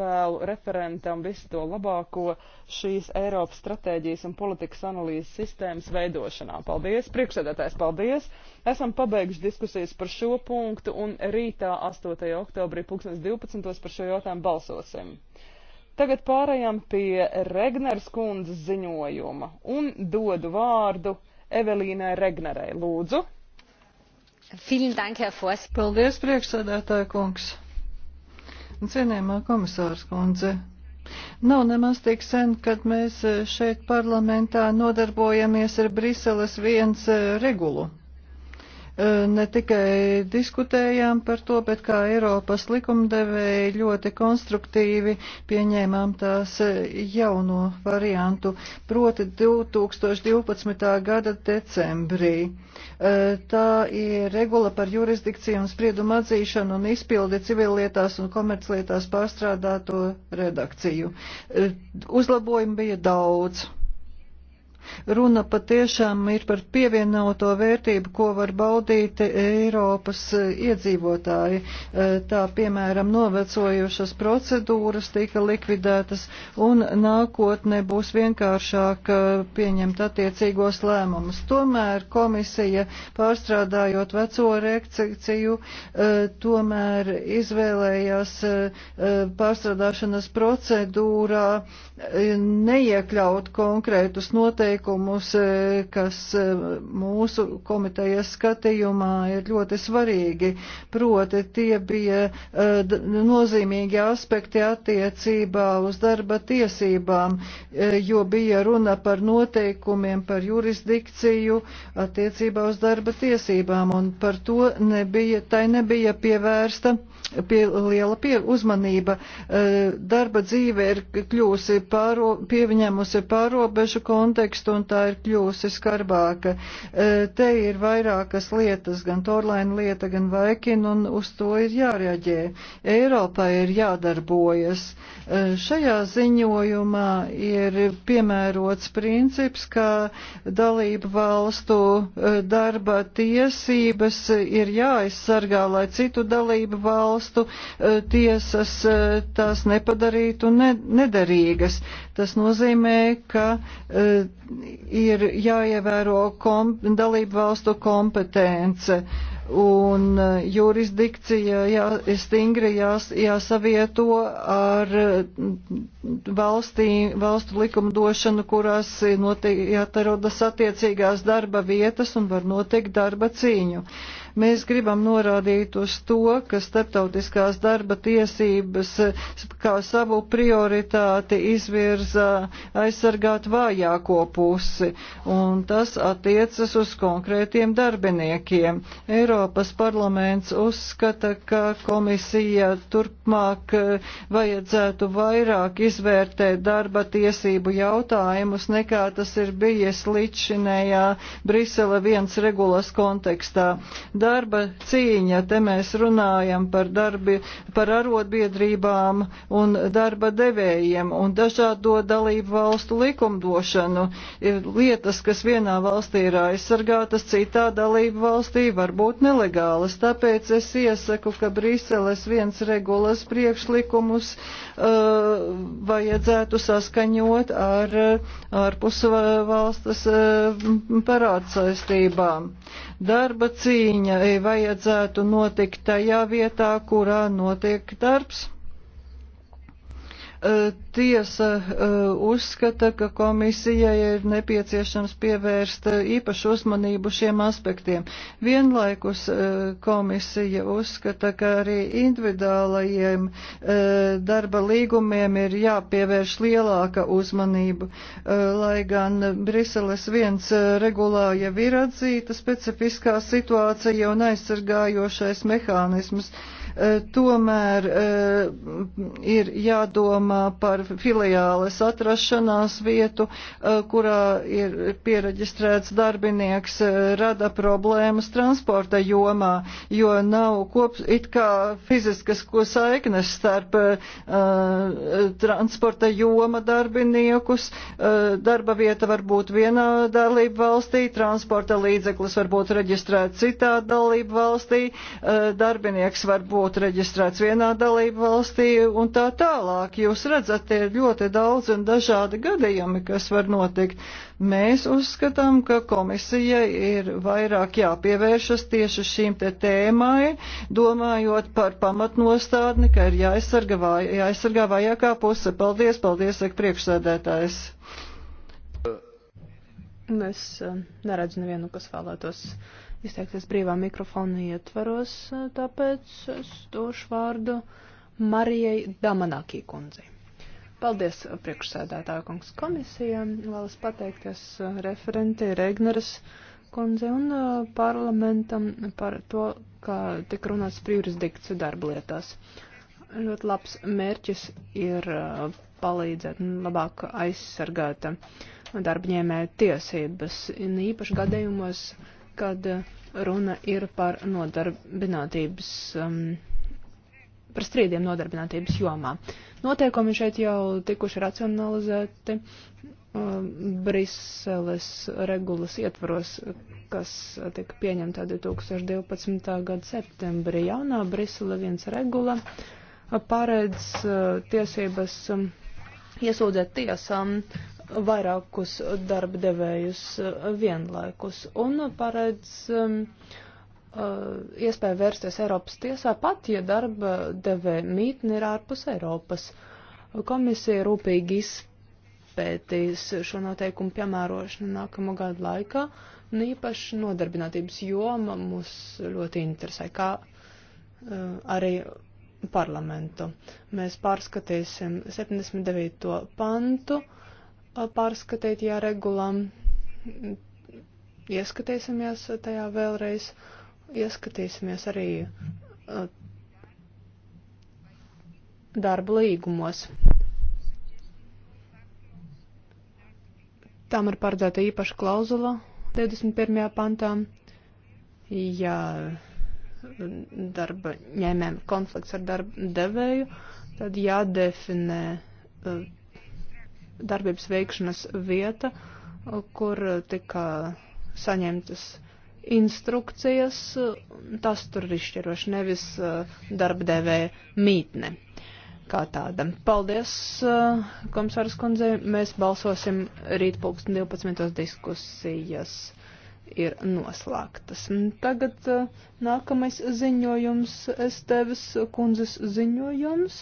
Vēlu referentam visu to labāko šīs Eiropas stratēģijas un politikas analīzes sistēmas veidošanā. Paldies, priekšsēdētājs, paldies! Esam pabeiguši diskusijas par šo punktu un rītā 8. oktobrī 2012. par šo jautājumu balsosim. Tagad pārējām pie Regners kundzes ziņojuma un dodu vārdu Evelīnai Regnerei. Lūdzu! Dank, Paldies, priekšsēdētāja kungs! Cienējamā komisārs kundze, Nav nemaz tik sen, kad mēs šeit parlamentā nodarbojamies ar Briseles viens eh, regulu. E, ne tikai diskutējām par to, bet kā Eiropas likumdevēji ļoti konstruktīvi pieņēmām tās jauno variantu, proti 2012. gada decembrī. E, tā ir regula par jurisdikciju un spriedumu atzīšanu un izpildi civillietās un komerclietās pārstrādāto redakciju. E, uzlabojumi bija daudz. Runa patiešām ir par pievienoto vērtību, ko var baudīt Eiropas eh, iedzīvotāji. Eh, tā piemēram novecojušas procedūras tika likvidētas un nākotnē būs vienkāršāk eh, pieņemt attiecīgos lēmumus. Tomēr komisija pārstrādājot veco reakciju, tomēr izvēlējās pārstrādāšanas procedūrā neiekļaut konkrētus noteikumus ieteikumus, e, kas e, mūsu komitejas skatījumā ir ļoti svarīgi. Proti tie bija e, nozīmīgi aspekti attiecībā uz darba tiesībām, jo bija runa par noteikumiem, par jurisdikciju attiecībā uz darba tiesībām, un par to nebija, tai nebija pievērsta pie liela pie, uzmanība. Darba dzīve ir kļūsi pāro, pieviņēmusi pārobežu kontekstu sarakstu, un tā ir kļūsi skarbāka. E, te ir vairākas lietas, gan Torlaina lieta, gan Vaikina, un uz to ir jārēģē. Eiropai ir jādarbojas. E, šajā ziņojumā ir piemērots princips, ka dalību valstu e, darba tiesības ir jāaizsargā, lai citu dalību valstu tiesas tās nepadarītu ne, nederīgas. Tas nozīmē, ka ir jāievēro kom, dalību valstu kompetence un uh, jurisdikcija jā, stingri jās, jāsavieto ar mm, valstī, valstu likumdošanu, kurās notiek, jāatrodas attiecīgās darba vietas un var noteikt darba cīņu. Uh, Mēs gribam norādīt uz to, ka starptautiskās darba tiesības kā savu prioritāti izvirza aizsargāt vājāko pusi, un tas attiecas uz konkrētiem darbiniekiem. Eiropas parlaments uzskata, ka komisija turpmāk eh, vajadzētu vairāk izvērtēt darba tiesību jautājumus, nekā tas ir bijis līdz šinējā Brisele viens regulas kontekstā darba cīņa. Te mēs runājam par, darbi, par arotbiedrībām un darba devējiem un dažādo dalību valstu likumdošanu. Ir lietas, kas vienā valstī ir aizsargātas, citā dalību valstī var būt nelegālas. Tāpēc es iesaku, ka Briseles viens regulas priekšlikumus uh, vajadzētu saskaņot ar uh, ārpus uh, valstas uh, parādsaistībām. Darba cīņa apmaiņai vajadzētu notikt tajā vietā, kurā notiek darbs. Eh, tiesa eh, uzskata, ka komisijai ir nepieciešams pievērst eh, īpašu uzmanību šiem aspektiem. Vienlaikus komisija uzskata, ka arī individuālajiem darba līgumiem ir jāpievērš lielāka uzmanība, lai gan Briseles viens regulā jau ir atzīta specifiskā situācija un aizsargājošais mehānisms. Eh, tomēr eh, ir jādomā par filiāles atrašanās vietu, eh, kurā ir piereģistrēts darbinieks, rada problēmas transporta jomā, jo nav kop, it kā fiziskas ko saiknes starp uh, transporta joma darbiniekus. Uh, darba vieta var būt vienā dalību valstī, transporta līdzeklis var būt reģistrēts citā dalību valstī, uh, darbinieks var būt būt reģistrēts vienā dalību valstī un tā tālāk. Jūs redzat, tie ir ļoti daudz un dažādi gadījumi, kas var notikt. Mēs uzskatām, ka komisijai ir vairāk jāpievēršas tieši šīm te tēmai, domājot par pamatnostādni, ka ir jāaizsargā, jāaizsargā vajākā puse. Paldies, paldies, saka priekšsēdētājs. Es eh, neredzu nevienu, kas vēlētos izteikties brīvā mikrofona ietvaros, eh, tāpēc es došu vārdu Marijai Damanākī kundzei. Paldies eh, priekšsēdētāju kungs komisijā. Vēlas pateikties referentei Regneras kundze un parlamentam par to, kā tika runāts priorizdikts darba lietās. Uh, Ļoti labs mērķis ir uh, palīdzēt un nu, labāk aizsargāt uh, darbņēmēju tiesības, un īpaši gadījumos, kad uh, runa ir par nodarbinātības, um, par strīdiem nodarbinātības jomā. Noteikumi šeit jau tikuši racionalizēti um, Briseles regulas ietvaros, kas tika pieņemta 2012. gada septembrī. Jaunā Brisele viens regula. Uh, paredz uh, tiesības um, iesūdzēt tiesām vairākus darba devējus uh, vienlaikus un paredz um, uh, iespēju vērsties Eiropas tiesā pat, ja darba devēja mītne ir ārpus Eiropas. Komisija rūpīgi izpētīs šo noteikumu piemērošanu nākamo gadu laikā, un īpaši nodarbinātības joma mūs ļoti interesē, kā arī parlamentu. Mēs pārskatīsim 79. pantu, pārskatīt jāregulam, ieskatīsimies tajā vēlreiz, ieskatīsimies arī darba līgumos. Tām ir paredzēta īpaša klauzula 21. pantā. Ja darba ņēmēm konflikts ar darba devēju, tad jādefinē uh, darbības veikšanas vieta, uh, kur tika saņemtas instrukcijas, tas tur ir izšķiroši, nevis uh, darba devēja mītne kā tāda. Paldies, komisāras kundze, mēs balsosim rīt pulksten 12. diskusijas ir noslēgtas. Tagad uh, nākamais ziņojums, Estevis kundzes ziņojums.